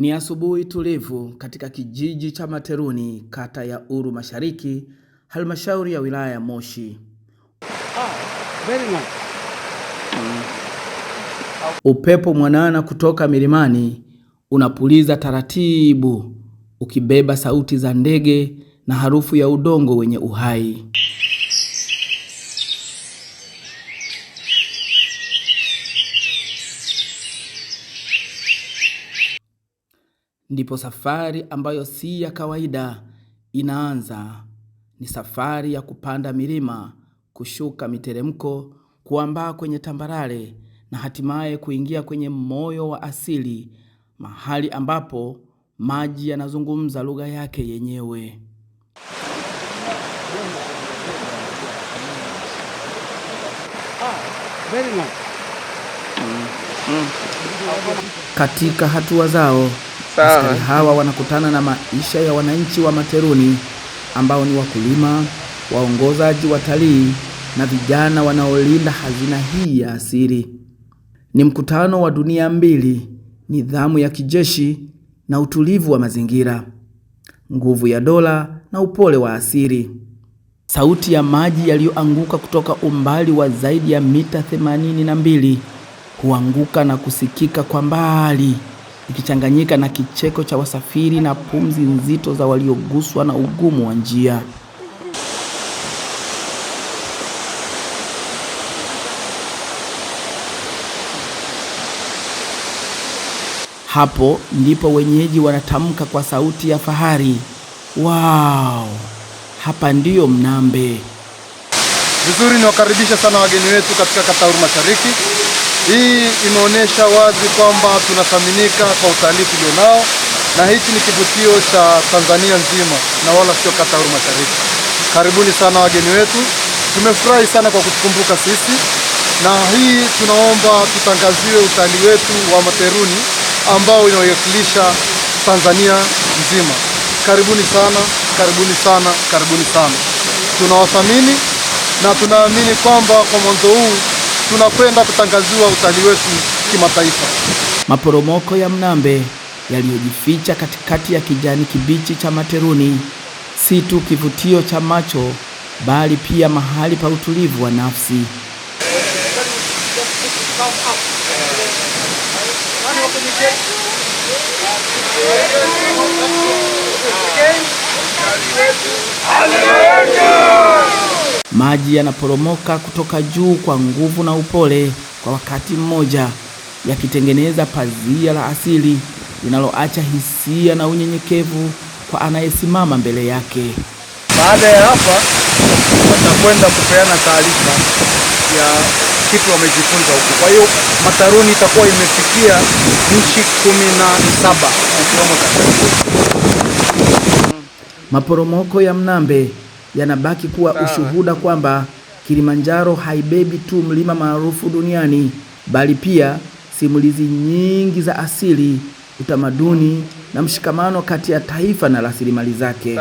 Ni asubuhi tulivu katika kijiji cha Materuni, kata ya Uru Mashariki, halmashauri ya wilaya ya Moshi. Ah, Upepo mwanana kutoka milimani unapuliza taratibu, ukibeba sauti za ndege na harufu ya udongo wenye uhai. ndipo safari ambayo si ya kawaida inaanza. Ni safari ya kupanda milima, kushuka miteremko, kuambaa kwenye tambarare na hatimaye kuingia kwenye moyo wa asili, mahali ambapo maji yanazungumza lugha yake yenyewe. Ah, Katika hatua zao Askari hawa wanakutana na maisha ya wananchi wa Materuni ambao ni wakulima, waongozaji, watalii na vijana wanaolinda hazina hii ya asili. Ni mkutano wa dunia mbili, nidhamu ya kijeshi na utulivu wa mazingira, nguvu ya dola na upole wa asili. Sauti ya maji yaliyoanguka kutoka umbali wa zaidi ya mita themanini na mbili huanguka na kusikika kwa mbali ikichanganyika na kicheko cha wasafiri na pumzi nzito za walioguswa na ugumu wa njia. Hapo ndipo wenyeji wanatamka kwa sauti ya fahari, wow, hapa ndiyo Mnambe. Vizuri, niwakaribisha sana wageni wetu katika kata mashariki. Hii imeonyesha wazi kwamba tunathaminika kwa utalii tulionao, na hichi ni kivutio cha Tanzania nzima na wala sio kata Huru Mashariki. Karibuni sana wageni wetu, tumefurahi sana kwa kutukumbuka sisi, na hii tunaomba tutangaziwe utalii wetu wa materuni ambao inawakilisha Tanzania nzima. Karibuni sana, karibuni sana, karibuni sana. Tunawathamini na tunaamini kwamba kwa mwanzo huu tunakwenda kutangaziwa utalii wetu kimataifa. Maporomoko ya Mnambe yaliyojificha katikati ya kijani kibichi cha Materuni si tu kivutio cha macho bali pia mahali pa utulivu wa nafsi. Maji yanaporomoka kutoka juu kwa nguvu na upole kwa wakati mmoja, yakitengeneza pazia la asili linaloacha hisia na unyenyekevu kwa anayesimama mbele yake. Baada ya hapa, watakwenda kupeana taarifa ya kitu wamejifunza huko. Kwa hiyo Mataruni itakuwa imefikia nchi kumi na saba ikiwemo Tanzania. Maporomoko ya Mnambe yanabaki kuwa ushuhuda kwamba Kilimanjaro haibebi tu mlima maarufu duniani bali pia simulizi nyingi za asili, utamaduni na mshikamano kati ya taifa na rasilimali zake.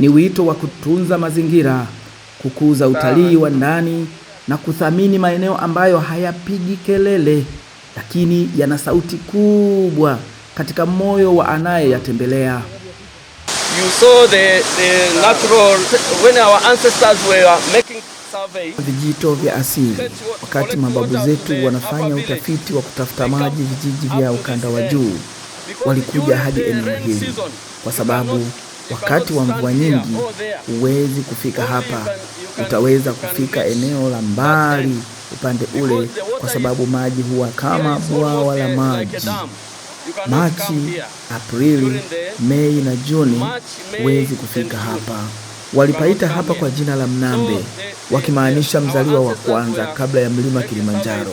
Ni wito wa kutunza mazingira kukuza utalii wa ndani na kuthamini maeneo ambayo hayapigi kelele, lakini yana sauti kubwa katika moyo wa anayeyatembelea. Vijito vya asili. Wakati mababu zetu wanafanya utafiti wa kutafuta maji vijiji vya ukanda wa juu, walikuja hadi eneo hili kwa sababu Wakati wa mvua nyingi huwezi kufika hapa, utaweza kufika eneo la mbali upande ule, kwa sababu maji huwa kama bwawa la maji. Machi, Aprili, Mei na Juni huwezi kufika hapa. Walipaita hapa kwa jina la Mnambe, wakimaanisha mzaliwa wa kwanza kabla ya mlima Kilimanjaro.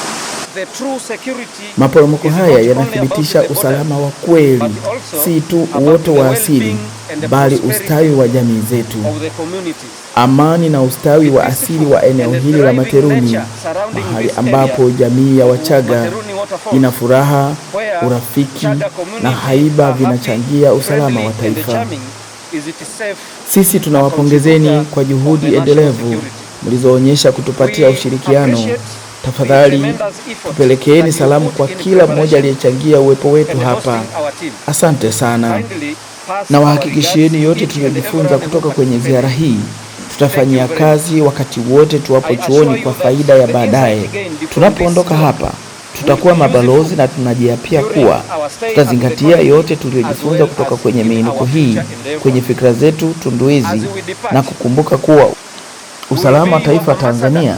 Maporomoko haya yanathibitisha usalama wa kweli, si tu uoto wa asili, bali ustawi wa jamii zetu. Amani na ustawi wa asili wa eneo hili la Materuni, mahali ambapo jamii ya Wachaga ina furaha, urafiki na haiba vinachangia usalama wa taifa. Sisi tunawapongezeni kwa juhudi endelevu mlizoonyesha kutupatia ushirikiano Tafadhali tupelekeeni salamu kwa kila mmoja aliyechangia uwepo wetu hapa. Asante sana, na wahakikishieni yote tuliyojifunza kutoka kwenye ziara hii tutafanyia kazi wakati wote tuwapo chuoni kwa faida ya baadaye. Tunapoondoka hapa, tutakuwa mabalozi na tunajiapia kuwa tutazingatia yote tuliyojifunza kutoka kwenye miinuko hii kwenye fikra zetu tunduizi, na kukumbuka kuwa usalama wa taifa Tanzania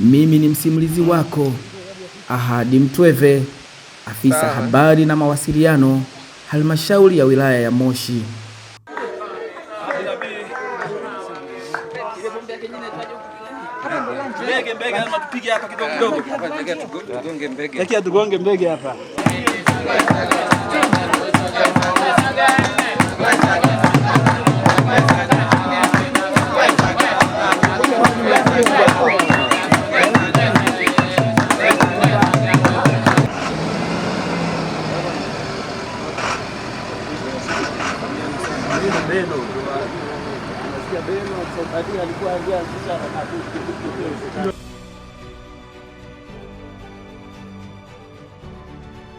Mimi ni msimulizi wako Ahadi Mtweve, afisa habari na mawasiliano, halmashauri ya wilaya ya Moshi. halina beno. alikuwa